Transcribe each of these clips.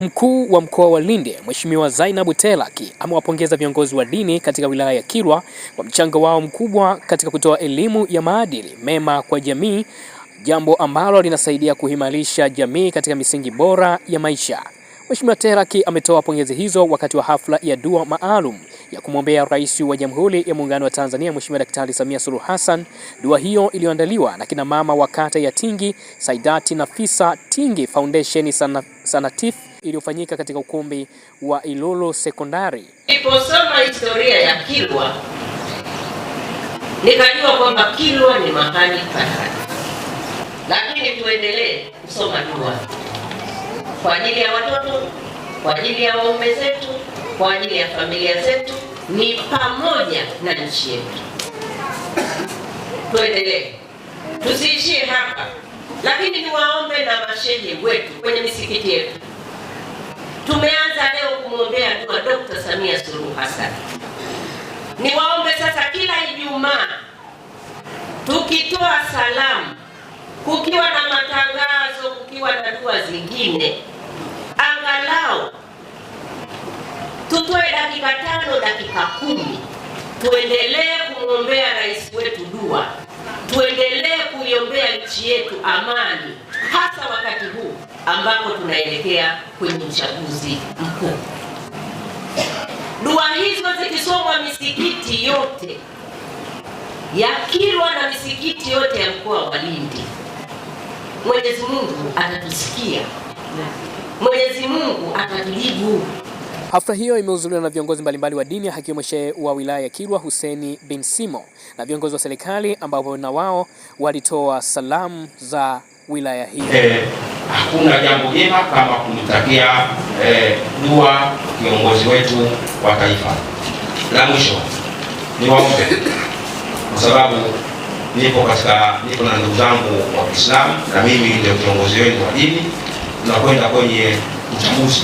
Mkuu wa mkoa wa Lindi Mheshimiwa Zainabu Telaki amewapongeza viongozi wa dini katika wilaya ya Kilwa kwa mchango wao mkubwa katika kutoa elimu ya maadili mema kwa jamii, jambo ambalo linasaidia kuhimarisha jamii katika misingi bora ya maisha. Mheshimiwa Telaki ametoa pongezi hizo wakati wa hafla ya dua maalum ya kumwombea Rais wa Jamhuri ya Muungano wa Tanzania Mheshimiwa Daktari Samia Suluhu Hassan. Dua hiyo iliyoandaliwa na kina mama wa kata ya Tingi, Saidati Nafisa Tingi Foundation sana Sanatif iliyofanyika katika ukumbi wa Ilulu Sekondari. Niliposoma historia ya Kilwa nikajua kwamba Kilwa ni mahali pahali, lakini tuendelee kusoma dua kwa ajili ya watoto, kwa ajili ya waume zetu, kwa ajili ya familia zetu, ni pamoja na nchi yetu. Tuendelee, tusiishie hapa. Lakini niwaombe na mashehe wetu kwenye misikiti yetu, tumeanza leo kumwombea dua Dr. Samia Suluhu Hassan. Niwaombe sasa, kila Ijumaa tukitoa salamu, kukiwa na matangazo, kukiwa na dua zingine, angalau tutoe dakika tano, dakika kumi, tuendelee kumwombea amani, hasa wakati huu ambapo tunaelekea kwenye uchaguzi mkuu. Dua hizo zikisomwa misikiti yote ya Kilwa na misikiti yote ya mkoa wa Lindi, Mwenyezi Mungu atatusikia, Mwenyezi Mungu atatujibu. Hafla hiyo imehudhuriwa na viongozi mbalimbali wa dini akiwemo shehe wa wilaya ya Kilwa huseni bin Simo na viongozi wa serikali ambapo na wao walitoa salamu za wilaya hii. Eh, hakuna jambo jema kama kumtakia eh, dua eh, kiongozi wetu wa taifa. La mwisho ni waombe kwa sababu niko katika niko na ndugu zangu wa Kiislamu na mimi ndio kiongozi wenu wa dini, tunakwenda kwenye uchaguzi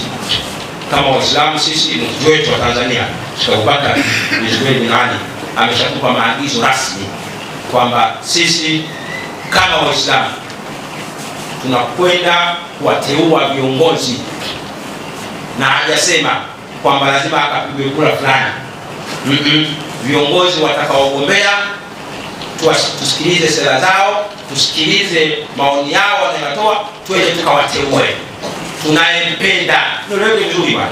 kama Waislamu sisi ni mtu wetu wa Tanzania, Sheikh Abubakar Zubeir bin Ali ameshakupa maagizo rasmi kwamba sisi kama Waislamu tunakwenda kuwateua viongozi, na hajasema kwamba lazima akapigwe kura fulani mm -mm. Viongozi watakaogombea tusikilize sera zao, tusikilize maoni yao wanayotoa, twende tukawateue tunayempenda. Ndio leo nzuri bwana.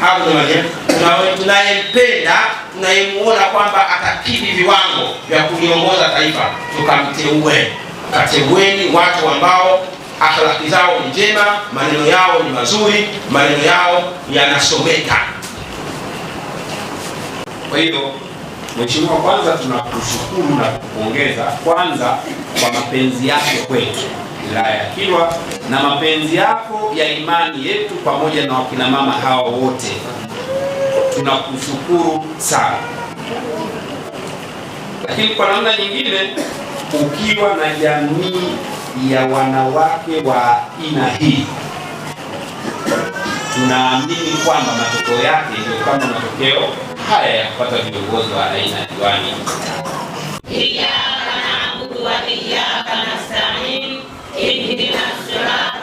Hapo tunayempenda, tunayempenda, tunayemuona kwamba atakidi viwango vya kuliongoza taifa, tukamteue. Kateueni watu ambao akhlaki zao ni njema, maneno yao ni mazuri, maneno yao yanasomeka. Kwa hiyo Mheshimiwa, kwanza tunakushukuru na kupongeza kwanza kwa mapenzi yake kwetu wilaya ya Kilwa na mapenzi yako ya imani yetu pamoja na wakinamama hawa wote, tunakushukuru sana. Lakini kwa namna nyingine, ukiwa na jamii ya wanawake wa aina hii, tunaamini kwamba matokeo yake ndio kama matokeo haya ya kupata viongozi wa aina ya diwani. Iyaka naabudu wa iyaka nasta'in 生きなすら